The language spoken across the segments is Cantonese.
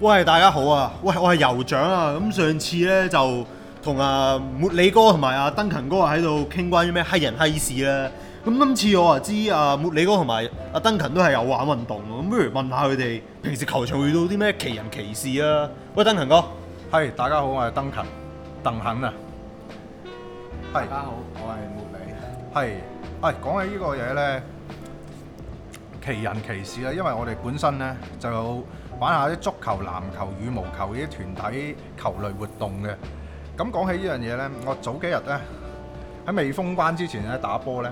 喂，大家好啊！喂，我係酋長啊。咁上次咧就同阿茉莉哥同埋阿登勤哥喺度傾關於咩黑人黑事咧。咁今次我知啊知阿茉莉哥同埋阿登勤都係有玩運動，咁不如問，問下佢哋平時球場遇到啲咩奇人奇事啊？喂，登勤、嗯、哥，係、hey, 大家好，我係登勤，鄧肯啊。係、hey, Hey, 大家好，我係茉莉，係，誒，講起呢個嘢咧，奇人奇事啊，因為我哋本身咧就。有……玩下啲足球、籃球、羽毛球呢啲團體球類活動嘅。咁講起呢樣嘢咧，我早幾日咧喺未封關之前咧打波咧，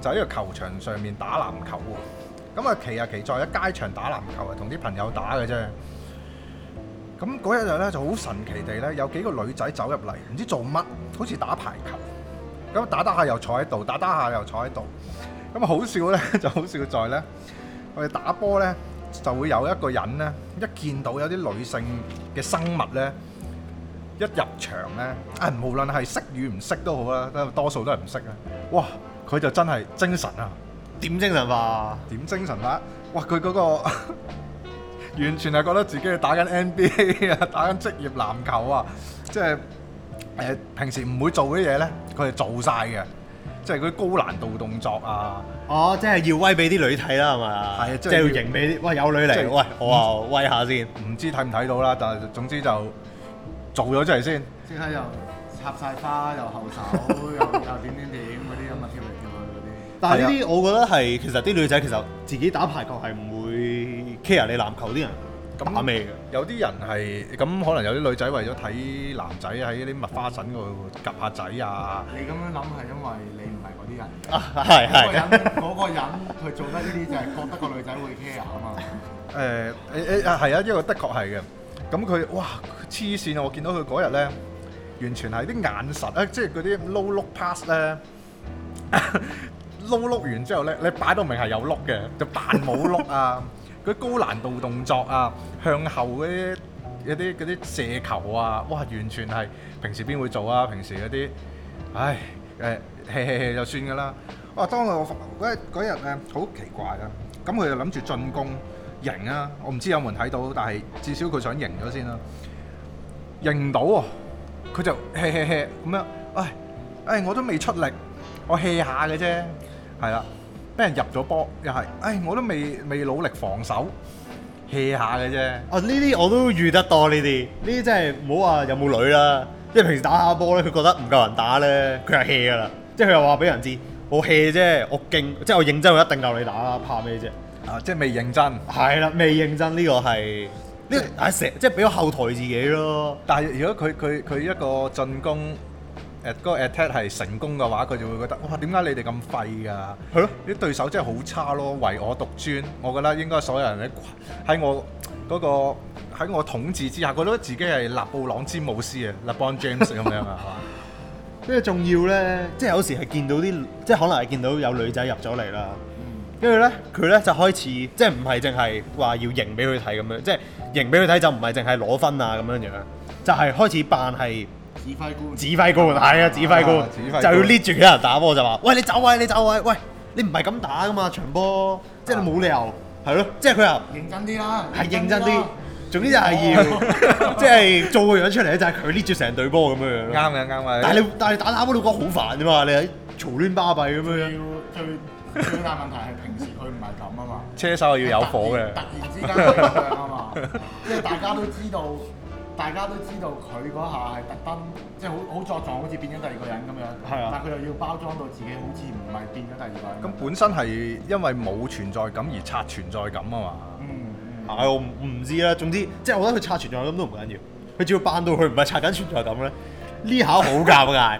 就喺個球場上面打籃球喎。咁、嗯、啊，奇啊奇在喺街場打籃球啊，同啲朋友打嘅啫。咁嗰一日咧就好神奇地咧，有幾個女仔走入嚟，唔知做乜，好似打排球。咁、嗯、打打下又坐喺度，打打下又坐喺度。咁、嗯、好笑咧，就好笑在咧，我哋打波咧。就會有一個人呢，一見到有啲女性嘅生物呢，一入場呢，無論係識與唔識都好啦，多數都係唔識啊。哇！佢就真係精神啊，點精神法？點精神法？哇！佢嗰、嗰個完全係覺得自己係打緊 NBA 啊，打緊職業籃球啊，即係、呃、平時唔會做啲嘢呢，佢係做晒嘅。即係嗰啲高難度動作啊！哦，即係要威俾啲女睇啦，係咪？係，即係要型俾啲，喂有女嚟，喂我啊威下先，唔知睇唔睇到啦，但係總之就做咗出嚟先。即刻又插曬花，又後手，又又點點點嗰啲咁啊，跳嚟跳去嗰啲。但係呢啲我覺得係，其實啲女仔其實自己打排球係唔會 care 你籃球啲人。咁啱味嘅，有啲人係咁，可能有啲女仔為咗睇男仔喺啲麥花臣嗰度夾下仔啊！你咁樣諗係因為你唔係嗰啲人啊，係係啊，嗰個人佢做得呢啲就係覺得個女仔會 care 啊嘛。誒誒係啊，因為的確係嘅。咁佢哇黐線啊！我見到佢嗰日咧，完全係啲眼神啊，即係嗰啲撈碌 pass 咧，撈碌完之後咧，你擺到明係有碌嘅，就扮冇碌啊！啲高難度動作啊，向後嗰啲、嗰啲、嗰啲射球啊，哇！完全係平時邊會做啊？平時嗰啲，唉，誒，唓唓唓，就算㗎啦。哇！當我嗰嗰日咧，好奇怪㗎。咁佢就諗住進攻，贏啊！我唔知有冇人睇到，但係至少佢想贏咗先啦。贏唔到喎，佢就唓唓唓咁樣，唉唉，我都未出力，我唓下嘅啫，係啦。俾人入咗波，又係，哎，我都未未努力防守，hea 下嘅啫。啊，呢啲我都遇得多呢啲，呢啲真係唔好話有冇女啦。即係平時打下波咧，佢覺得唔夠人打咧，佢係 hea 噶啦。即係佢又話俾人知，我 hea 啫，我勁，即係我認真，我一定夠你打啦，怕咩啫？啊，即係未認真。係啦，未認真呢個係呢、這個係成是、啊，即係俾個後台自己咯。但係如果佢佢佢一個進攻。誒嗰個 attack 係成功嘅話，佢就會覺得哇，點解你哋咁廢㗎？係咯的，啲對手真係好差咯，唯我獨尊。我覺得應該所有人喺喺我嗰個喺、那個、我統治之下，覺得自己係勒布朗詹姆斯啊，勒布朗 James 咁 樣啊，係嘛？跟住仲要咧，即係有時係見到啲，即係可能係見到有女仔入咗嚟啦。跟住咧，佢 咧就開始即係唔係淨係話要贏俾佢睇咁樣，即係贏俾佢睇就唔係淨係攞分啊咁樣樣，就係、是、開始扮係。指揮官，指揮官係啊，指揮官指揮就要捏住其他人打波就話，喂你走位，你走位，喂你唔係咁打噶嘛長波，即係你冇理由係咯，即係佢又認真啲啦，係認真啲，總之就係要，即係做個樣出嚟咧就係佢捏住成隊波咁樣樣，啱嘅，啱啊，但係但係打打波你講好煩啫嘛，你喺嘈亂巴閉咁樣樣，最最大問題係平時佢唔係咁啊嘛，車手係要有火嘅，突然之間啊嘛，即係大家都知道。大家都知道佢嗰下係特登，即係好好作狀，好似變咗第二個人咁樣。係啊，但係佢又要包裝到自己，好似唔係變咗第二個人。咁本身係因為冇存在感而刷存在感啊嘛。嗯，唉、嗯啊，我唔知啦。總之，即係我覺得佢刷存在感都唔緊要。佢只要扮到佢唔係刷緊存在感咧，呢下好尷尬，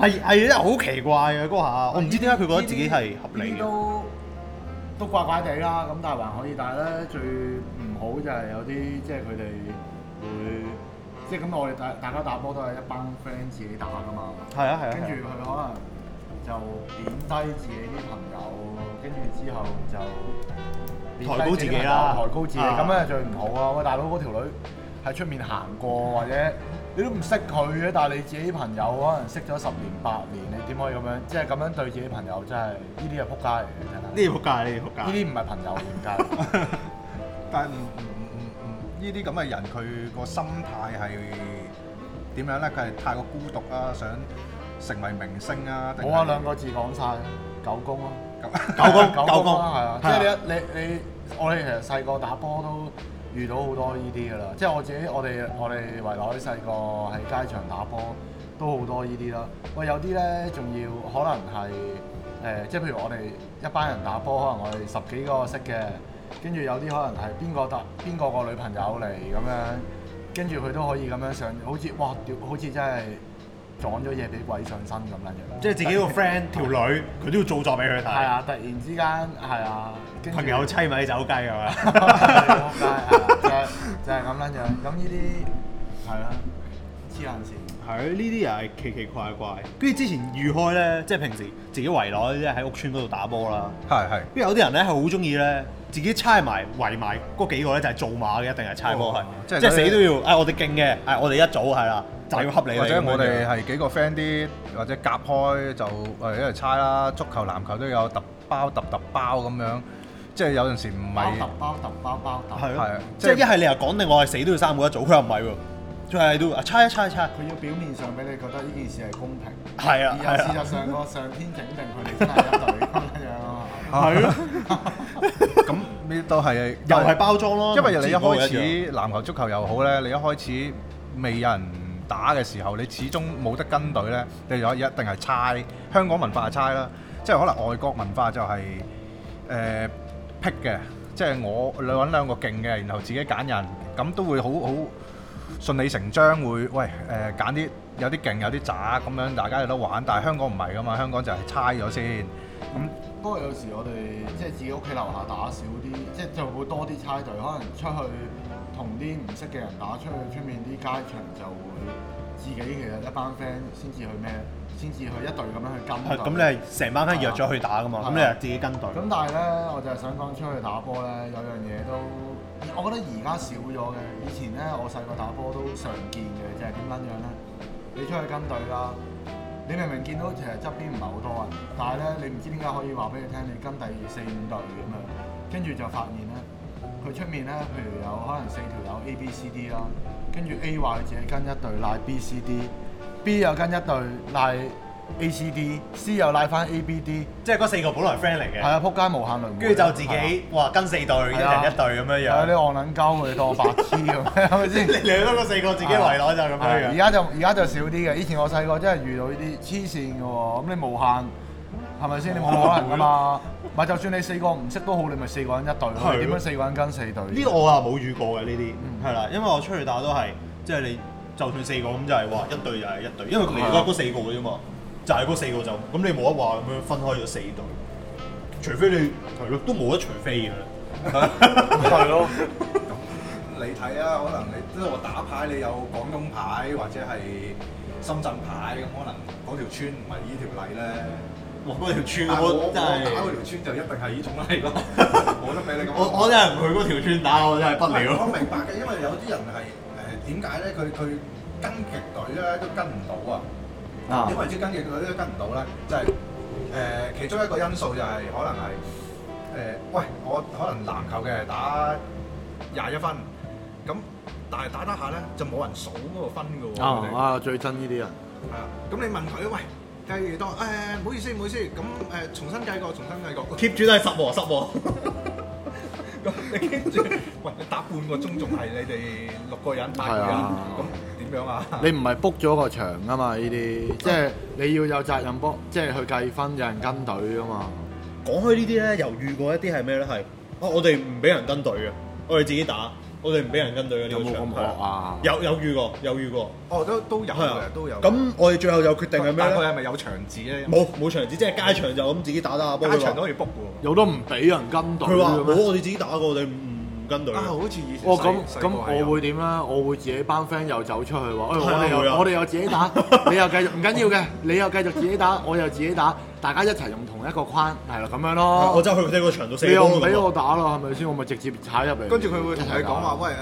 係係真係好奇怪嘅嗰下。我唔知點解佢覺得自己係合理嘅。都都怪怪地啦，咁但係還可以。但係咧，最唔好就係有啲即係佢哋。會、嗯、即係咁，我哋大大家打波都係一班 friend 自己打噶嘛。係啊係啊。跟住佢可能就貶低自己啲朋友，跟住之後就抬高自己啦。抬高自己咁啊，最唔好啊。喂，大佬嗰條女喺出面行過，或者你都唔識佢嘅，但係你自己啲朋友可能識咗十年八年，你點可以咁樣？即係咁樣對自己朋友，真係呢啲係撲街嚟嘅真係。呢啲撲街，呢啲撲街。呢啲唔係朋友撲街。 但係唔。呢啲咁嘅人佢個心態係點樣咧？佢係太過孤獨啊，想成為明星啊！冇啊，兩個字講晒，九公咯，九公九公啦，係啊！即係你嗎你你我哋其實細個打波都遇到好多呢啲噶啦。即係我自己，我哋我哋圍內細個喺街場打波都好多呢啲啦。喂，有啲咧仲要可能係誒、呃，即係譬如我哋一班人打波，可能我哋十幾個識嘅。跟住有啲可能係邊個搭邊個個女朋友嚟咁樣，跟住佢都可以咁樣上，好似哇屌，好似真係撞咗嘢俾鬼上身咁撚樣。即係自己個 friend 條女，佢 都要做作俾佢睇。係啊，突然之間係啊，朋友妻咪走雞係咪？就就係咁撚樣。咁呢啲係啊黐銀線。係啊，呢啲又係奇奇怪怪。跟住之前遇開咧，即係平時自己圍內啲喺屋村嗰度打波啦。係係。跟住有啲人咧係好中意咧。自己猜埋圍埋嗰幾個咧就係造馬嘅，一定係猜波係，即係死都要。誒，我哋勁嘅，誒，我哋一組係啦，就要合理。或者我哋係幾個 friend 啲，或者夾開就誒一齊猜啦。足球、籃球都有揼包揼揼包咁樣，即係有陣時唔係揼包揼包包揼。係咯，即係一係你又講定，我係死都要三個一組，佢又唔係喎，佢係都啊猜一猜一猜，佢要表面上俾你覺得呢件事係公平。係啊，而係事實上個上天整定佢哋先一隊咁咯。咁呢都係又係包裝咯，因為你一開始籃球足球又好咧，你一開始未有人打嘅時候，你始終冇得跟隊咧，你就一定係猜。香港文化係猜啦，即係可能外國文化就係誒劈嘅，即係我揾兩個勁嘅，然後自己揀人，咁都會好好順理成章會喂誒揀啲有啲勁有啲渣咁樣，大家有得玩。但係香港唔係噶嘛，香港就係猜咗先咁。不過有時我哋即係自己屋企樓下打少啲，即係就會多啲猜隊。可能出去同啲唔識嘅人打，出去出面啲街場就會自己其實一班 friend 先至去咩，先至去一隊咁樣去跟隊。係咁、嗯，你係成班 friend 約咗去打噶嘛？咁吧你係自己跟隊。咁但係咧，我就係想講出去打波咧，有樣嘢都，我覺得而家少咗嘅。以前咧，我細個打波都常見嘅，就係點撚樣咧？你出去跟隊啦。你明明見到其實側邊唔係好多人，但係咧你唔知點解可以話俾你聽，你跟第二四五隊咁樣，跟住就發現咧，佢出面咧，譬如有可能四條友 A、B、C、D 啦，跟住 A 話佢自己跟一隊賴 B、C、D，B 又跟一隊賴。拉 A C D C 又拉翻 A B D，即係嗰四個本來 friend 嚟嘅。係啊，撲街無限輪，跟住就自己話跟四隊，一人一隊咁樣樣。你我撚交佢當白痴咁，係咪先？你兩多個四個自己圍埋就咁樣。而家就而家就少啲嘅，以前我細個真係遇到呢啲黐線嘅喎，咁你無限係咪先？你冇可能㗎嘛。唔就算你四個唔識都好，你咪四個人一隊咯。係點樣四個人跟四隊？呢個我係冇遇過嘅呢啲，係啦，因為我出去打都係即係你就算四個咁就係哇一隊又係一隊，因為你而家嗰四個嘅啫嘛。就係嗰四個就咁，你冇得話咁樣分開咗四隊，除非你係咯，都冇得除非嘅。係咯，你睇啊，可能你即係話打牌，你有廣東牌或者係深圳牌咁，可能嗰條村唔係呢條例咧。哇！嗰條村我真我我打嗰條村就一定係呢種例咯。 冇得俾你咁。我 我真係唔去嗰條村打我，我真係不了。我明白嘅，因為有啲人係誒點解咧？佢佢跟劇，劇隊咧都跟唔到啊。點解唔知跟住佢都跟唔到咧？即係誒其中一個因素就係可能係誒，喂，我可能籃球嘅打廿一分，咁但係打得下咧就冇人數嗰個分㗎喎。啊啊！最憎呢啲人。係啊，咁你問佢喂，計多誒，唔好意思，唔好意思，咁誒重新計過，重新計過。keep 住都係十和十和。咁你 keep 住，喂，你打半個鐘仲係你哋六個人八個人咁。你唔係 book 咗個場噶嘛？呢啲，即係你要有責任 book，即係去計分，有人跟隊噶嘛？講開呢啲咧，又遇過一啲係咩咧？係啊、哦，我哋唔俾人跟隊嘅，我哋自己打，我哋唔俾人跟隊嘅、啊。有冇咁講啊？有有遇過，有遇過。哦，都都有、啊、都有。咁、嗯、我哋最後有決定係咩咧？佢係咪有場子，咧？冇冇場子，即係街場就咁自己打得。波街場都可以 book 喎。有都唔俾人跟隊？佢話說：我哋自己打嘅，我哋說啊！好似以前哦，咁咁，我會點啦？我會自己班 friend 又走出去喎、啊哎。我哋又有我哋又自己打， 你又繼續唔緊要嘅， 你又繼續自己打，我又自己打。大家一齊用同一個框，係咯咁樣咯。我走去呢個場度，你又唔俾我打咯，係咪先？我咪直接踩入嚟。跟住佢會同你講話，喂誒誒，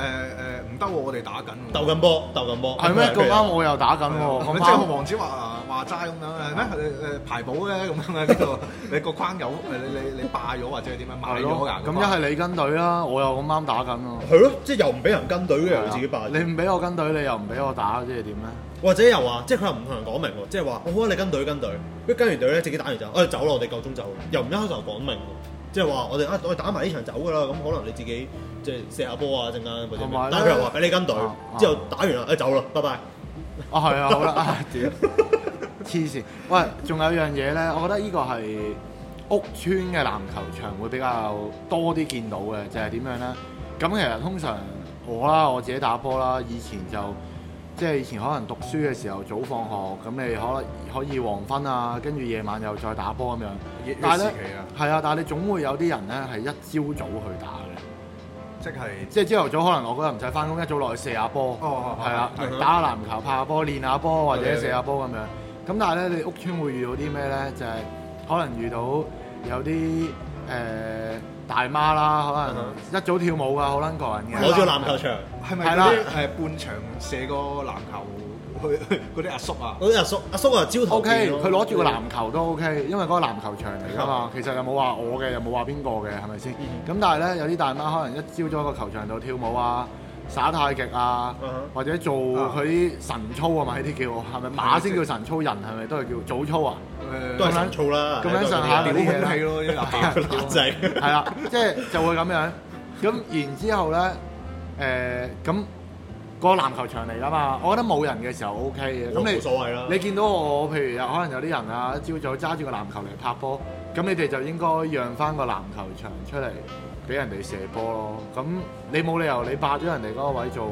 唔得喎，我哋打緊。鬥緊波，鬥緊波，係咩咁啱我又打緊喎？即係個王子話誒話齋咁樣，係咩誒誒排保咧咁樣喺呢度你個框有你你你霸咗或者點樣買咗呀？咁一係你跟隊啦，我又咁啱打緊喎。係咯，即係又唔俾人跟隊嘅，自己霸，你唔俾我跟隊，你又唔俾我打，即係點咧？或者又話，即係佢又唔同人講明喎，即係話：我好啊，你跟隊跟隊，跟完隊咧，自己打完就、哎，我哋走咯，我哋夠鐘走，又唔一開頭講明喎，即係話我哋啊，我哋打埋呢場走噶啦，咁、嗯、可能你自己即係射下波啊，陣間或者，係係但係佢又話俾你跟隊，啊、之後打完啦，誒、啊哎、走啦，拜拜。啊係啊，走、啊、啦，黐線。 喂，仲有一樣嘢咧，我覺得呢個係屋村嘅籃球場會比較多啲見到嘅，就係、係、點樣咧？咁其實通常我啦，我自己打波啦，以前就。即係以前可能讀書嘅時候早放學，咁你可能可以黃昏啊，跟住夜晚又再打波咁樣。但係呢咧，係啊，但係你總會有啲人咧係一朝早，早去打嘅，即係是即係朝頭早可能我嗰日唔使翻工，一早落去射下波，係、哦哦、啊，嗯、哼打下籃球、拍下波、練下波或者射下波咁樣。咁、嗯、哼但係咧，你屋村會遇到啲咩咧？就係、是、可能遇到有啲誒、呃、大媽啦，可能一早跳舞㗎，好撚過癮嘅，攞住籃球場。係咪嗰啲係半場射個籃球去嗰啲阿叔啊？嗰啲阿叔阿叔啊，朝頭。O K，佢攞住個籃球都 O K，因為嗰個籃球場嚟㗎嘛。其實又冇話我嘅，又冇話邊個嘅，係咪先？咁但係咧，有啲大媽可能一朝早喺個球場度跳舞啊、耍太極啊，或者做佢啲神操啊嘛，呢啲叫係咪馬先叫神操？人係咪都係叫早操啊？誒，都係晨操啦。咁樣上下啲嘢係咯，啲男仔。係啦，即係就會咁樣。咁然之後咧。誒咁、呃個籃球場嚟啦嘛，我覺得冇人嘅時候 OK 嘅，咁你所謂你見到我譬如可能有啲人啊，一朝早揸住個籃球嚟拍波，咁你哋就應該讓翻個籃球場出嚟俾人哋射波咯。咁你冇理由你霸咗人哋嗰個位做，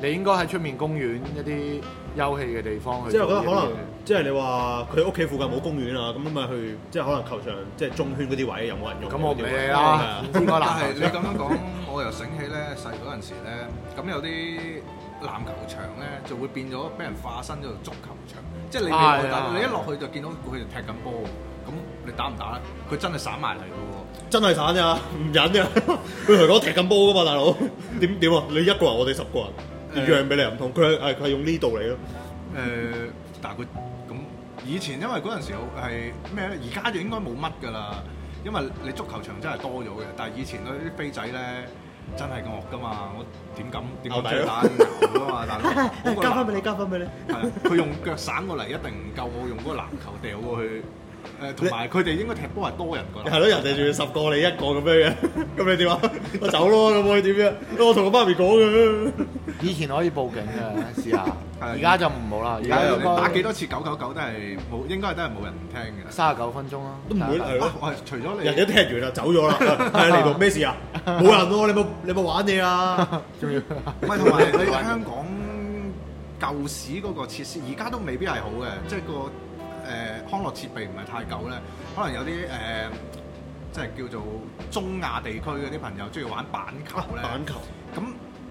你應該喺出面公園一啲，休憩嘅地方，去，即係覺得可能，即係你話佢屋企附近冇公園啊，咁咪去，即係可能球場，即係中圈嗰啲位有冇人用？咁我唔係啊，啊但係你咁樣講，我又醒起咧細嗰陣時咧，咁有啲籃球場咧就會變咗俾人化身咗做足球場， 即係你你一落去就見到佢哋踢緊波，咁你打唔打？佢真係散埋嚟嘅喎，真係散啫，唔忍啫、啊，佢同我踢緊波嘅嘛，大佬點點啊？你一個人，我哋十個人。嗯、讓俾你唔同，佢係佢係用呢度嚟咯。誒、嗯， 但係佢咁以前，因為嗰陣時係咩咧？而家就應該冇乜噶啦，因為你足球場真係多咗嘅。但係以前咧，啲飛仔咧真係咁惡噶嘛，我點敢點敢打籃球噶嘛？交返俾你，交返俾你。係啊，佢用腳散過嚟，一定唔夠我用嗰個籃球掉過去。誒同埋佢哋應該踢波係多人㗎，係咯，人哋仲要十個你一個咁樣嘅，咁你點啊？我走咯咁可以點啫？我同我媽咪講嘅，以前可以報警嘅，試下，而家就唔好啦。而家打幾多次九九九都係冇，應該都係冇人聽嘅。三十九分鐘啦，都唔會除咗你，人一踢完就走咗啦，係嚟到咩事啊？冇人咯，你冇你冇玩你啦，仲要。唔係同埋你香港舊市嗰個設施，而家都未必係好嘅，即係個。誒康樂設備唔係太夠咧，可能有啲誒、呃，即係叫做中亞地區嗰啲朋友鍾意玩板球咧、啊。板球，咁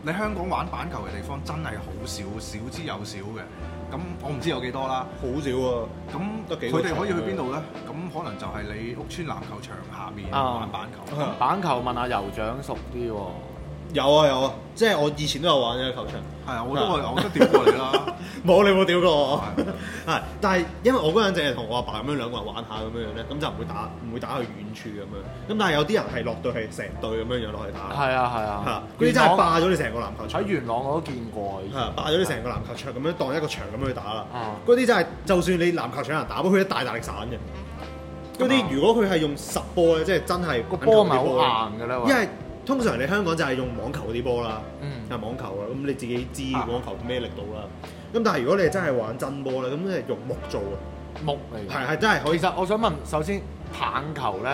你香港玩板球嘅地方真係好少，少之又少嘅。咁、嗯、我唔知有幾多啦，好少喎、啊。咁佢哋可以去邊度咧？咁、啊、可能就係你屋邨籃球場下面玩板球、啊。啊、板球問下酋長熟啲喎、哦啊。有啊有啊，即、就、係、是、我以前都有玩嘅球場。係啊，我都我都調過你啦。 冇，你冇屌過我，係但係因為我嗰陣淨係同我阿爸咁樣兩個人玩下咁樣樣咧，咁就唔會打唔會打去遠處咁樣。咁但係有啲人係落到係成隊咁樣樣落去打。係啊係啊，嚇嗰啲真係霸咗你成個籃球場。喺元朗我都見過、啊，嚇霸咗你成個籃球場咁樣當一個場咁樣去打啦。嗰啲、嗯、真係就算你籃球場難打，不過佢一大大力散嘅。嗰啲、嗯、如果佢係用實波嘅，即係真係個波咪好硬噶啦。因為通常你香港就係用網球啲波啦，就係、嗯、網球啦，咁你自己知網球咩力度啦。啊啊咁但係如果你真係玩真波咧，咁你係用木做啊，木嚟，係係真係可以。我想我想問，首先棒球咧，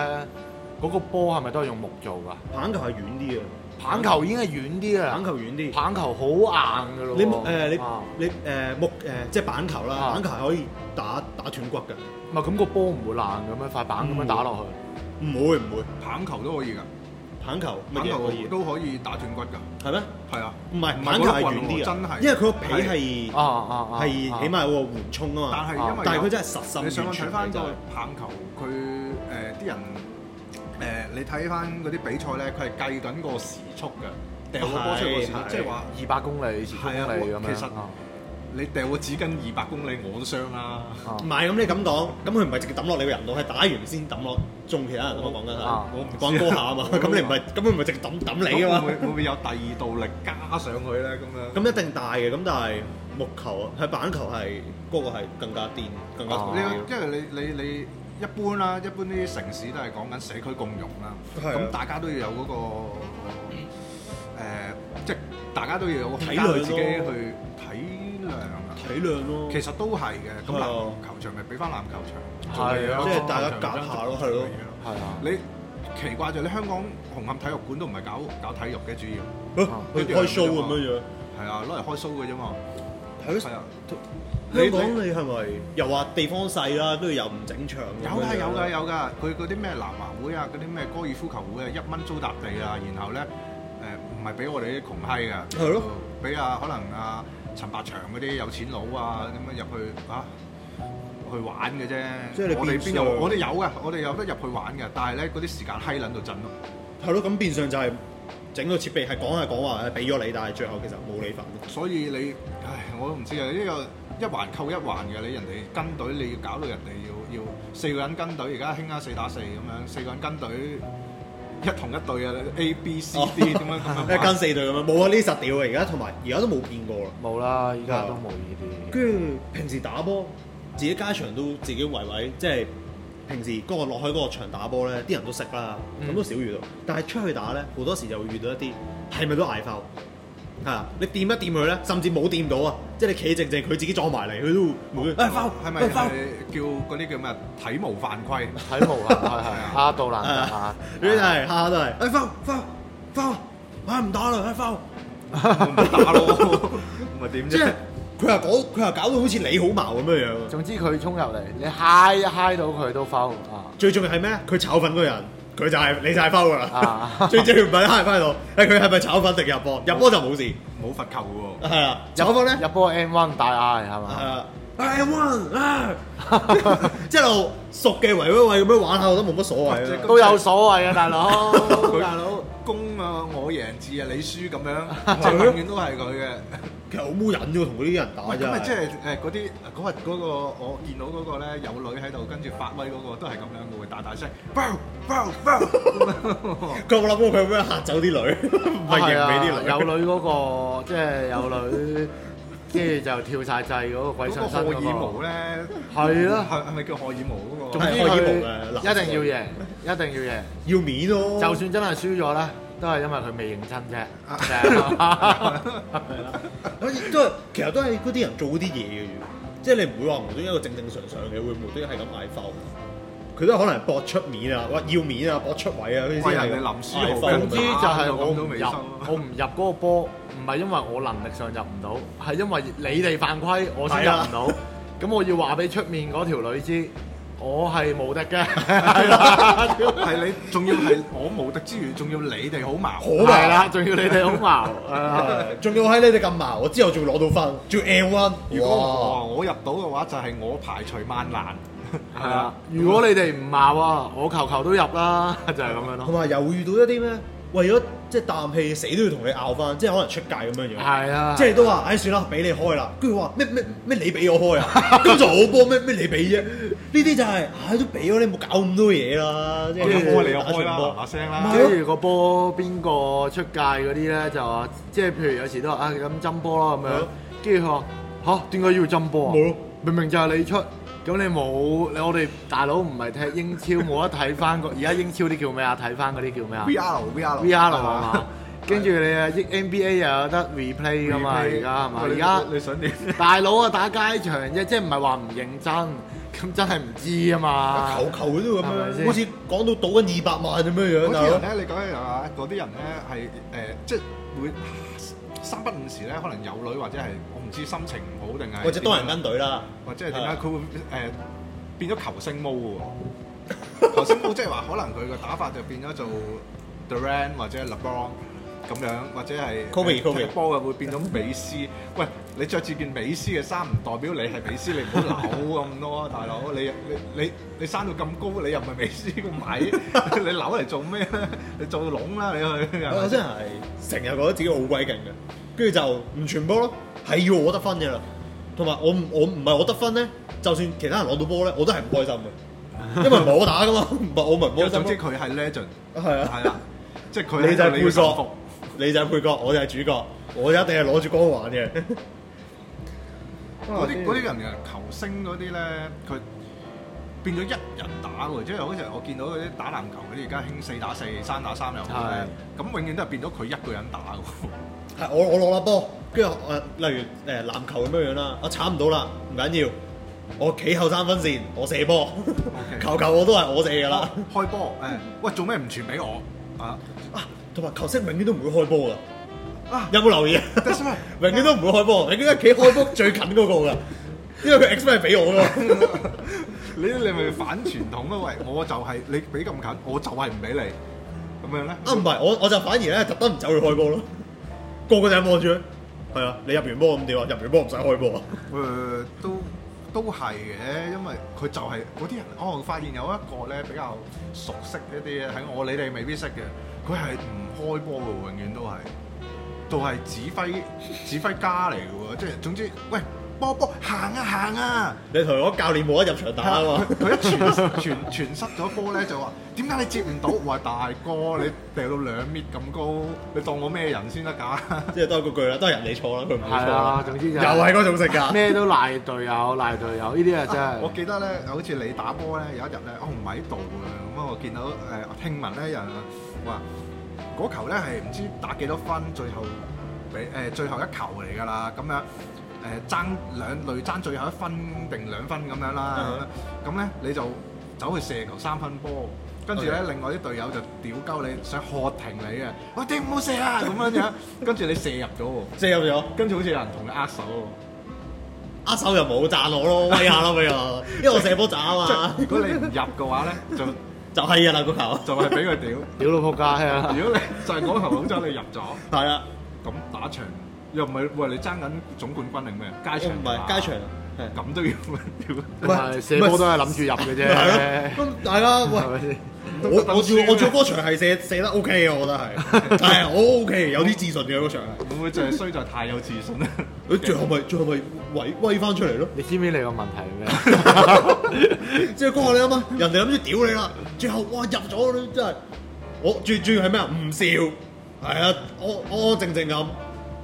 嗰、那個波係咪都係用木做㗎？棒球係軟啲嘅，棒球已經係軟啲啦，棒球軟啲，棒球好硬㗎咯、呃。你、啊你呃、木誒你你誒木誒即係板球啦，板、啊、球可以打打斷骨㗎。唔係咁個波唔會爛㗎咩？塊板咁樣打落去，唔會唔會，會，會，棒球都可以㗎。棒球乜嘢都可以打斷骨㗎，係咩？係啊，唔係棒球係遠啲真係，因為佢個皮係啊啊，係起碼有個緩衝啊嘛。但係因為，但係佢真係實心，完全你上去睇翻個棒球，佢誒啲人誒，你睇翻嗰啲比賽咧，佢係計緊個時速嘅，掉個波出個時，即係話二百公里，二百公里咁樣。你掉個紙巾二百公里我都傷啦！唔係咁你咁講，咁佢唔係直接抌落你個人度，係打完先抌落仲其他人咁講緊嚇。我唔講高嚇啊嘛，咁你唔係咁佢唔係直接抌抌你啊嘛？會唔會有第二道力加上去咧？咁樣咁一定大嘅，咁但係木球啊，係板球係嗰個係更加癲，更加。因為你你你一般啦，一般啲城市都係講緊社區共融啦，咁大家都要有嗰個誒，即係大家都要有個體內自己去。體量咯，其實都係嘅。咁嗱，球場咪俾翻籃球場，即係大家夾下咯，係咯。你奇怪就係你香港紅磡體育館都唔係搞搞體育嘅主要，佢哋開 show 咁樣。係啊，攞嚟開 show 嘅啫嘛。係啊，香港你係咪又話地方細啦？跟住又唔整場。有㗎有㗎有㗎，佢嗰啲咩籃球會啊，嗰啲咩高爾夫球會啊，一蚊租笪地啊，然後咧誒唔係俾我哋啲窮閪㗎，係咯，俾啊可能啊。陳百祥嗰啲有錢佬啊，咁樣入去嚇、啊、去玩嘅啫。即係你邊有？我哋有嘅，我哋有得入去玩嘅。但係咧，嗰啲時間閪撚到震咯。係咯，咁變相就係整個設備係講係講話咧，俾咗你，但係最後其實冇你份。所以你唉，我都唔知啊。呢個一環扣一環嘅，你人哋跟隊你要搞到人哋要要四個人跟隊。而家興啦，四打四咁樣，四個人跟隊。一同一隊啊，A B C D 咁樣，樣，一跟四隊咁樣，冇啊呢啲實屌啊。而家，同埋而家都冇見過啦。冇啦，而家都冇呢啲。跟住平時打波，自己街場都自己圍圍，即係平時嗰個落去嗰個場打波咧，啲人都識啦，咁都少遇到。嗯、但係出去打咧，好多時就會遇到一啲係咪都挨 foul。係、啊、你掂一掂佢咧，甚至冇掂到啊，即係你企靜靜，佢自己撞埋嚟，佢都冇。誒，foul 係咪叫嗰啲叫咩啊？體毛犯規，體毛犯規，係啊，下到難打啊，下下都係，下下都係，誒 foul foul foul，唔打啦，誒 foul，唔打咯，唔係點啫？佢話佢話搞到好似你好矛咁樣樣。總之佢衝入嚟，你揩一揩到佢都 foul。啊，最重要係咩佢炒粉嗰人，佢就係理曬翻噶啦，最正唔好揩翻到。誒， 佢係咪炒粉定入波？入波就冇事，冇罰球嘅喎。的入，入波咧？入波 M1 大嗌係嘛？係啊，M1 啊，即係 一路熟嘅圍圍圍咁樣玩下我都冇乜所謂嘅，都有所謂啊，大佬，大佬。 他 大公啊！我贏字啊！你輸咁樣，即 的永遠都係佢嘅。其實好冇癮嘅喎，同嗰啲人打。因啊、就是，即係誒嗰啲嗰個我見到嗰個咧有、那個那個那個、女喺度，跟住發威嗰個都係咁樣嘅喎，大大聲。咁我諗我係咪嚇走啲女？唔係贏俾啲女、 啊。有女嗰、那個即係、就是、有女。跟住就跳晒掣嗰個鬼上身，荷爾蒙咧係咯，係係咪叫荷爾蒙嗰個？仲係荷爾蒙嘅，一定要贏，一定要贏，要面咯！就算真係輸咗咧，都係因為佢未認真啫，係啦。所以都係，其實都係嗰啲人做嗰啲嘢嘅，即係你唔會話無端一個正正常常嘅，會無端係咁擺 f 佢都可能係搏出面啊！哇，要面啊，搏出位啊！嗰啲先係林書豪。總之就係我入，我唔入嗰個波，唔係因為我能力上入唔到，係因為你哋犯規，我先入唔到。咁我要話俾出面嗰條女知，我係無敵嘅。係你仲要係我無敵之餘，仲要你哋好茅。係啦，仲要你哋好茅。仲要喺你哋咁茅，我之後仲攞到分，仲要 L1。如果我入到嘅話，就係我排除萬難。係啊，吧如果你哋唔拗啊，我球球都入啦，就係、是、咁樣咯、啊。同埋又遇到一啲咩？為咗即係啖氣，死都要同你拗翻，即係可能出界咁樣樣。係啊，即係都話唉，算啦，俾你開啦。跟住話咩咩咩，你俾我開啊？咁 就好波咩咩你俾啫？呢啲就係唉，都咗你冇搞咁多嘢咯、啊。即我嚟我開啦，麻麻聲啦。跟住、啊啊、個波邊個出界嗰啲咧，就話即係譬如有時都話啊咁爭波啦咁樣，跟住佢話吓，點解要爭波啊？了明明就係你出。咁你冇，你我哋大佬唔係踢英超，冇 得睇翻嗰。而家英超啲叫咩啊？睇翻嗰啲叫咩啊？VR，VR，VR 係嘛？跟住你啊，NBA 又有得 replay 㗎嘛？而家係嘛？而家你，你想點？ 大佬啊，打街場啫，即係唔係話唔認真？咁真係唔知啊嘛。 球球都咁樣，係咪先？好似講到賭緊二百萬咁樣樣。嗰啲 人呢，你講係嘛？嗰啲人咧係誒，即係會。三不五時咧，可能有女或者係我唔知心情唔好定係，或者多人跟隊啦，或者係點解佢會誒變咗球星 mode 喎，球星 mode 即係話可能佢個打法就變咗做 Durant 或者 LeBron 咁樣，或者係 Kobe Kobe 踢波嘅會變咗美斯。喂，你著住件美斯嘅衫唔代表你係美斯，你唔好扭咁多啊，大佬！你你你你生到咁高，你又唔係美斯咁矮，你扭嚟做咩？你做籠啦，你去！真係成日覺得自己好鬼勁嘅～跟住就唔傳波咯，係要我得分嘅啦。同埋我唔我唔係我，我得分咧，就算其他人攞到波咧，我都係唔開心嘅，因為唔係我打噶嘛，唔係 我唔開心。即係佢係 Legend，係啊，係啊，即係佢。你就係配角， 你就係配角，我就係主角，我一定係攞住光環嘅。嗰啲嗰啲人啊，球星嗰啲咧，佢變咗一人打喎，即係好似我見到嗰啲打籃球嗰啲，而家興四打四、三打三又咁，永遠都係變咗佢一個人打喎。 係我我攞粒波，跟住我例如誒籃球咁樣樣啦，我搶唔到啦，唔緊要，我企後三分線，我射波，球球我都係我射嘅啦。開波誒，喂，做咩唔傳俾我啊？啊，同埋球色永遠都唔會開波噶，啊，有冇留意啊？永遠都唔會開波，你記得企開波最近嗰個噶，因為佢 expect 係俾我㗎。你你咪反傳統啊？喂，我就係你俾咁近，我就係唔俾你咁樣咧。啊唔係，我我就反而咧特登唔走去開波咯。個個就係望住佢，係啊！你入完波咁點啊？入完波唔使開波啊？誒，都都係嘅，因為佢就係嗰啲人。我發現有一個呢比較熟悉一啲嘢，係我你哋未必識嘅。佢係唔開波嘅喎，永遠都係，就係指揮指揮家嚟嘅喎。即係總之，喂。波波行啊行啊！你同我教練冇得入場打啊嘛！佢一傳傳傳失咗波咧，就話點解你接唔到？話大哥，你掟到兩米咁高，你當我咩人先得㗎？即係都係嗰句啦，都係人哋錯啦，佢唔係錯啦。總之又係嗰種食㗎，咩都賴隊友，賴隊友呢啲啊真係。我記得咧，好似你打波咧有一日咧，我唔喺度嘅，咁啊我見到誒聽聞咧有人話嗰球咧係唔知打幾多分，最後俾誒最後一球嚟㗎啦，咁樣。誒爭兩分爭最後一分定兩分咁樣啦，咁咧你就走去射球三分波，跟住咧另外啲隊友就屌鳩你，想喝停你嘅，喂，停，唔好射啊咁樣樣，跟住你射入咗，射入咗，跟住好似有人同你握手喎，握手又冇贊我咯，威下咯佢又，因為我射波贊啊嘛。如果你唔入嘅話咧，就就係啊啦個球，就係俾佢屌，屌到仆街啊，如果你就係嗰球講真你入咗，係啊，咁打場。又唔係喂你爭緊總冠軍定咩啊？街場唔係街場，咁都要屌？唔係射波都係諗住入嘅啫。咁大家！喂，我我做我做嗰場係射射得 OK 嘅，我覺得係。係啊，我 OK，有啲自信嘅嗰場啊。會唔會就係衰在太有自信啊？佢最後咪最後咪威威翻出嚟咯？你知唔知你個問題係咩？即係講，你諗下啊嘛，人哋諗住屌你啦，最後哇入咗你真係，我最主要係咩啊？唔笑，係啊，我，我，安安靜靜咁。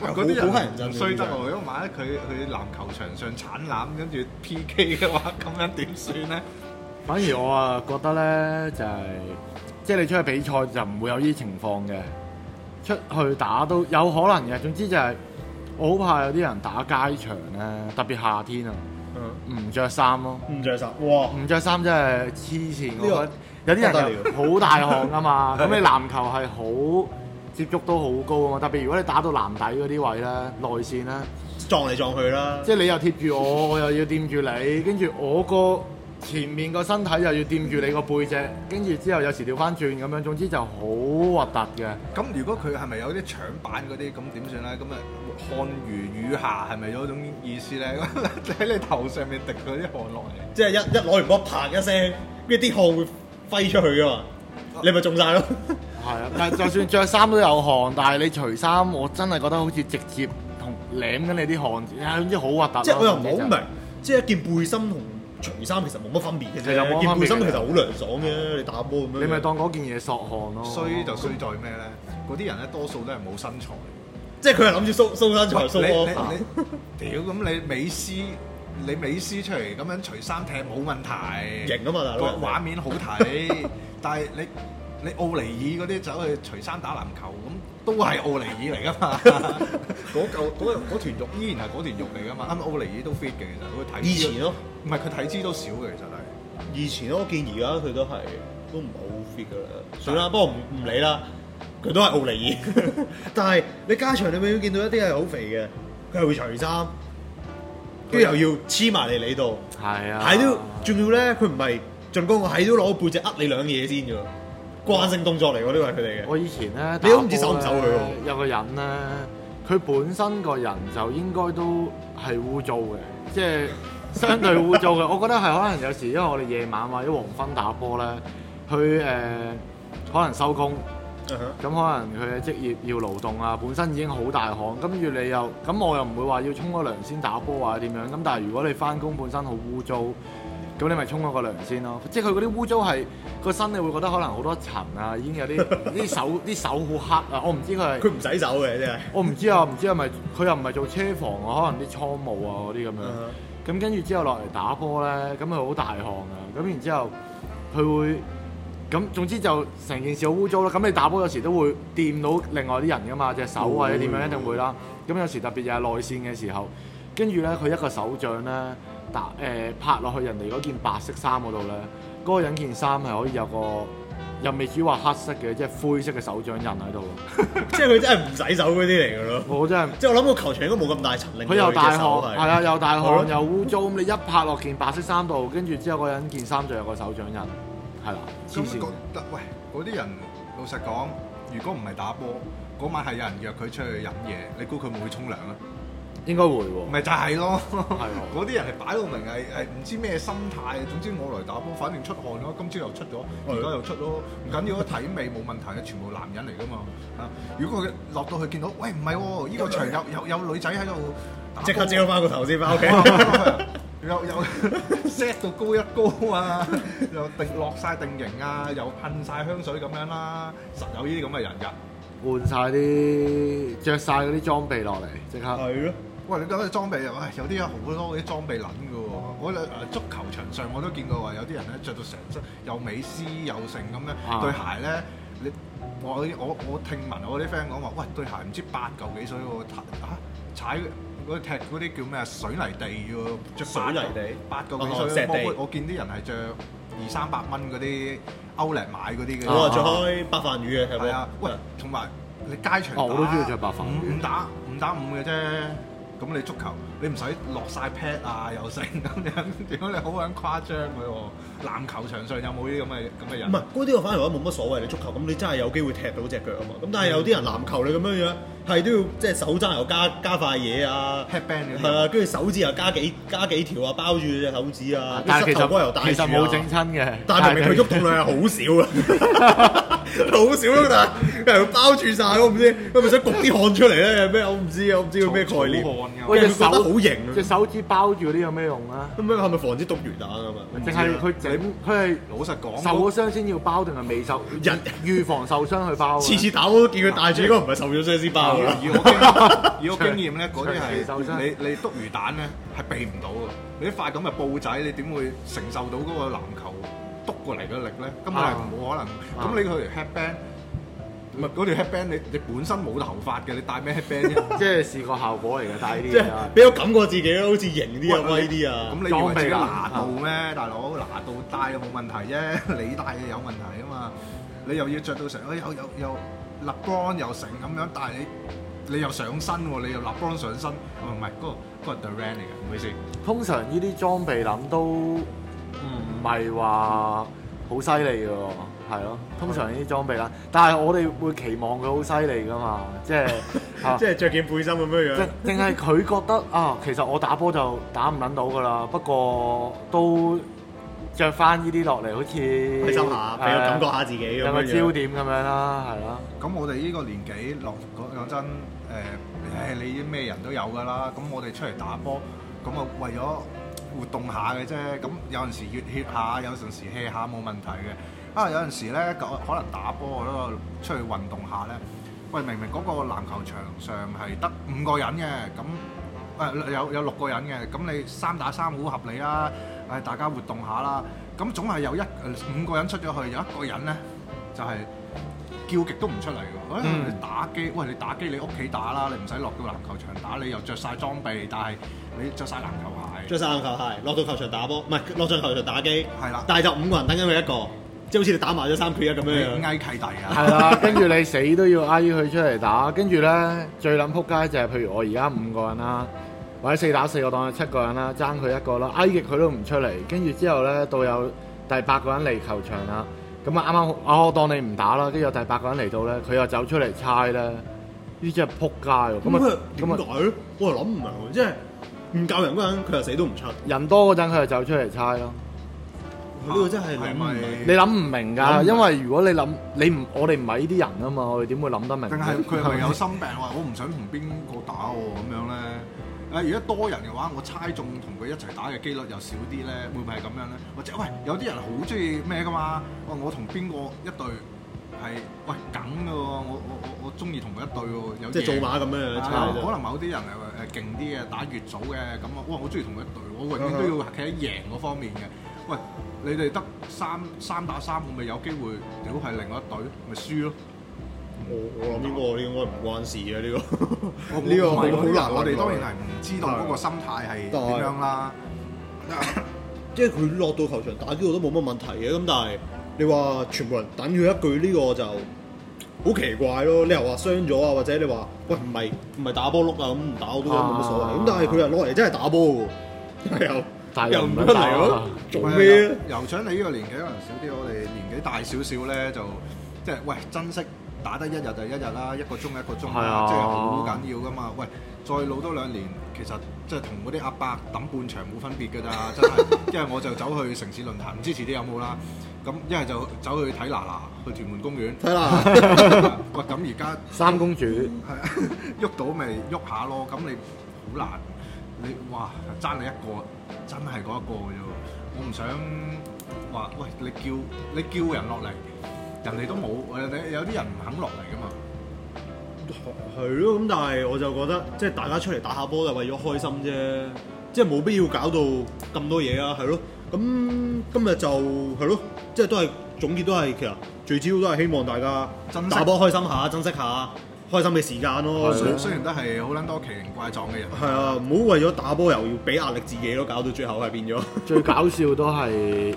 嗰啲 人衰得嚟，如果萬一佢去籃球場上攤攬跟住 P K 嘅話，咁 樣點算咧？反而我啊覺得咧，就係即係你出去比賽就唔會有呢啲情況嘅，出去打都有可能嘅。總之就係我好怕有啲人打街場咧，特別夏天啊，唔着衫咯，唔着衫，哇，唔着衫真係黐線！呢、呢個有啲人好得大汗啊嘛，咁 對 你籃球係好。接觸都好高啊，嘛。特別如果你打到籃底嗰啲位咧，內線啦，撞嚟撞去啦，即係你又貼住我，我又要掂住你，跟住我個前面個身體又要掂住你個背脊，跟住之後有時掉翻轉咁樣，總之就好核突嘅。咁如果佢係咪有啲搶板嗰啲咁點算咧？咁啊，汗如雨下係咪有種意思咧？喺 你，你頭上面滴嗰啲汗落嚟，即係一一攞完波啪一,一聲，跟住啲汗會飛出去噶嘛？啊、你咪中晒咯！ 係啊，但係就算着衫都有汗，但係你除衫，我真係覺得好似直接同舐緊你啲汗，啊，咁樣好核突。即係我又唔係好明，即係一件背心同除衫其實冇乜分別嘅啫。件背心其實好涼爽嘅，你打波咁樣。你咪當嗰件嘢索汗咯。衰就衰在咩咧？嗰啲人咧，多數都係冇身材，即係佢係諗住縮縮身材縮波你屌，咁你美斯，你美斯出嚟咁樣除衫踢冇問題，型啊嘛，大佬，畫面好睇，但係你。你奧尼爾嗰啲走去除衫打籃球，咁都係奧尼爾嚟噶嘛？嗰嚿團肉依然係嗰團肉嚟噶嘛？咁奧尼爾都 fit 嘅其實，佢體以前咯，唔係佢體脂都少嘅其實係以前我見而家佢都係都唔好 fit 噶啦。算啦，不過唔唔理啦，佢都係奧尼爾。但係你加長，你會見到一啲係好肥嘅，佢係會除衫，跟住又要黐埋嚟你度，係啊，喺都仲要咧，佢唔係俊哥，我喺都攞個背脊呃你兩嘢先嘅。慣性動作嚟喎，呢個係佢哋嘅。我以前咧，呢你都唔知守唔守佢喎。有個人咧，佢本身個人就應該都係污糟嘅，即係相對污糟嘅。 我覺得係可能有時，因為我哋夜晚或者黃昏打波咧，佢誒、呃、可能收工，咁、uh huh. 可能佢嘅職業要勞動啊，本身已經好大汗，跟住你又，咁我又唔會話要沖個涼先打波或者點樣。咁但係如果你翻工本身好污糟。咁你咪沖咗個涼先咯，即係佢嗰啲污糟係個身，你會覺得可能好多塵啊，已經有啲啲手啲 手好黑啊，我唔知佢係佢唔洗手嘅，真係我唔知啊，唔知係咪佢又唔係做車房啊，可能啲倉務啊嗰啲咁樣。咁跟住之後落嚟打波咧，咁佢好大汗啊，咁然之後佢會咁，總之就成件事好污糟咯。咁你打波有時都會掂到另外啲人噶嘛，隻手或者點樣一定會啦。咁 有時特別又係內線嘅時候，跟住咧佢一個手掌咧。打、呃、拍落去人哋嗰件白色衫嗰度咧，嗰、嗰個、人件衫係可以有個又未至於話黑色嘅，即係灰色嘅手掌印喺度啊！ 即係佢真係唔洗手嗰啲嚟嘅咯，我真係。即係我諗個球場都冇咁大塵，佢有大汗，係啊是，有大汗又污糟。咁你一拍落件白色衫度，跟住之後嗰人件衫就有個手掌印，係啦是，黐線是。咁覺得喂，嗰啲人老實講，如果唔係打波，嗰晚係有人約佢出去飲嘢，你估佢會唔會沖涼啊？應該會喎，咪就係咯，嗰啲人係擺到明係係唔知咩心態，總之我來打波，反正出汗咯，今朝又出咗，而家又出咯，唔緊要，體味冇問題嘅，全部男人嚟噶嘛，啊！如果佢落到去見到，喂唔係喎，依個場有有有女仔喺度，即刻轉翻個頭先翻屋企，又又 set 到高一高啊，又定落曬定型啊，又噴曬香水咁樣啦，實有依啲咁嘅人噶，換曬啲著曬嗰啲裝備落嚟，即刻。喂，你講啲裝備又啊，有啲人好多嗰啲裝備撚㗎。我哋誒足球場上我都見過話，有啲人咧著到成身又美斯又成咁咧，對鞋咧你我我我聽聞我啲 friend 講話，喂對鞋唔知八嚿幾水喎，嚇踩嗰踢啲叫咩啊，水泥地喎，著水泥地八嚿幾水，我見啲人係着二三百蚊嗰啲歐力買嗰啲嘅。我話着開白飯魚嘅係咪啊？喂，同埋你街場打我都中意著白飯魚。五打五打五嘅啫。咁你足球你唔使落晒 pad 啊又成咁樣，點解你好鬼誇張嘅喎？籃球場上有冇啲咁嘅咁嘅人？唔係，嗰啲我反而覺得冇乜所謂。你足球咁你真係有機會踢到隻腳啊嘛。咁但係有啲人籃球你咁樣樣，係都要即係手踭又加加塊嘢啊，padband 嘅。係啊，跟住、啊、手指又加幾加幾條啊，包住隻手指啊。但係膝頭哥又大、啊、其實冇整親嘅。但係明明佢喐動量係好少啊。是 好少咯，但係人包住晒？我唔知佢咪 想焗啲汗出嚟咧？咩我唔知啊！我唔知佢咩概念。我隻手好型，隻手指包住啲有咩用啊？咁樣係咪防止篤魚蛋噶嘛？定係佢整，佢係老實講，你受咗傷先要包定係未受人預防受傷去包？次次打我都見佢戴住，聽應該唔係受咗傷先包 以。以我經驗咧，嗰啲係你你篤魚蛋咧係避唔到嘅。你一塊咁嘅布仔，你點會承受到嗰個籃球？篤過嚟嘅力咧，根本係冇可能。咁你條 headband，唔係嗰條 headband，你你本身冇頭髮嘅，你戴咩 headband 啫？即係試個效果嚟嘅，戴啲啊！即係俾我感覺自己好似型啲啊，威啲啊！咁你以為自己拿度咩，大佬拿度戴又冇問題啫，你戴嘅有問題啊嘛！你又要著到成，哎，又又又立邦又成咁樣，但係你你又上身喎，你又立邦上身，唔係，嗰個嗰個 Durant 嚟嘅，唔好意思。通常呢啲裝備諗都，嗯。唔係話好犀利㗎喎，係咯，通常呢啲裝備啦。但係我哋會期望佢好犀利㗎嘛，即係 即係着件背心咁樣樣。淨係佢覺得 啊，其實我打波就打唔撚到㗎啦。不過都着返呢啲落嚟，好似開心下，俾我感覺下自己、呃、有個焦點咁樣啦，係咯。咁我哋呢個年紀，落講講真，誒，唉，你啲咩人都有㗎啦。咁我哋出嚟打波，咁啊為咗。活動下嘅啫，咁有陣時熱血下，有陣時 h 下冇問題嘅。啊，有陣時咧，可能打波嗰個出去運動下咧，喂，明明嗰個籃球場上係得五個人嘅，咁誒、呃、有有六個人嘅，咁你三打三好合理啦。誒，大家活動下啦，咁總係有一、呃、五個人出咗去，有一個人咧就係、是、叫極都唔出嚟喎。誒、嗯哎，你打機，喂，你打機，你屋企打啦，你唔使落個籃球場打，你又着晒裝備，但係你着晒籃球鞋。着三籃球鞋落到球場打波，唔係落咗球場打機，係啦。但係就五個人等緊佢一個，即係好似你打埋咗三缺一咁樣樣。嗌契弟啊！係啦，跟住你死都要嗌佢出嚟打。跟住咧，最撚撲街就係譬如我而家五個人啦，或者四打四，我當係七個人啦，爭佢一個啦，嗌極佢都唔出嚟。跟住之後咧，到有第八個人嚟球場啦。咁啊，啱、哦、啱我當你唔打啦。跟住有第八個人嚟到咧，佢又走出嚟猜咧。呢啲真係撲街喎！咁啊，點解我係諗唔明喎，即係。唔夠人嗰陣，佢又死都唔出；人多嗰陣，佢就走出嚟猜咯。呢個真係你諗唔明。你諗唔明㗎，因為如果你諗你唔，我哋唔係呢啲人啊嘛，我哋點會諗得明？但係佢係咪有心病？話我唔想同邊個打喎咁樣咧？誒，如果多人嘅話，我猜中同佢一齊打嘅機率又少啲咧，會唔會係咁樣咧？或者喂，有啲人好中意咩㗎嘛？喂，我同邊個一隊？係喂梗㗎喎，我我我我中意同佢一隊喎，有即係做馬咁樣咯，可能某啲人誒誒勁啲嘅打越早嘅咁啊，哇！我中意同佢一隊，我永遠都要企喺贏嗰方面嘅。喂，你哋得三三打三，我咪有機會屌係另外一隊，咪輸咯。我我諗呢個應該唔關事嘅呢個，呢個好難。我哋當然係唔知道嗰個心態係點樣啦。即係佢落到球場打機我都冇乜問題嘅，咁但係。你話全部人等佢一句呢、呢個就好奇怪咯！你又話傷咗啊，或者你話喂，唔係唔係打波碌啊，咁唔打我都冇乜所謂，咁但係佢又攞嚟真係打波㗎，又又唔出嚟咯，做咩咧？酋長，你呢個年紀可能少啲，我哋年紀大少少咧就即係喂，珍惜打得一日就一日啦，一個鐘一個鐘啦，哎、呀即係好緊要噶嘛！喂，再老多兩年其實即係同嗰啲阿伯等半場冇分別㗎咋，真係！ 因為我就走去城市論壇，唔知遲啲有冇啦。咁一係就走去睇娜娜，去屯門公園。睇娜 在。哇！咁而家三公主，係喐 到咪喐下咯？咁你好難，你哇爭你一個，真係嗰一個嘅啫。我唔想話喂，你叫你叫人落嚟，人哋都冇，或者有啲人唔肯落嚟噶嘛。係咯，咁但係我就覺得，即係大家出嚟打下波就為咗開心啫，即係冇必要搞到咁多嘢啊！係咯。咁、嗯、今日就係咯，即係都係總結都係其實最主要都係希望大家打波開心下，珍惜下開心嘅時間咯。了雖然都係好撚多奇形怪狀嘅人。係但啊，唔好為咗打波又要俾壓力自己咯，搞到最後係變咗。最搞笑都係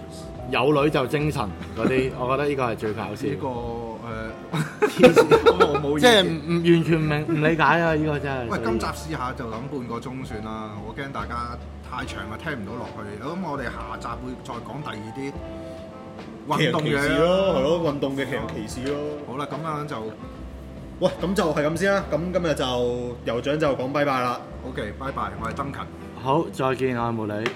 有女就精神嗰啲， 我覺得呢個係最搞笑。依、呢個誒，我冇即係唔完全唔明唔理解啊！呢、呢個真係。喂，今集試下就諗半個鐘算啦，我驚大家。太長啊，聽唔到落去。咁、嗯、我哋下集會再講第二啲運動嘅事咯，係咯，嗯、了運動嘅歧視咯。好啦，咁樣就，哇，咁就係咁先啦。咁今日就酋長就講拜拜啦。OK，拜拜，我係登肯。好，再見，阿茉莉。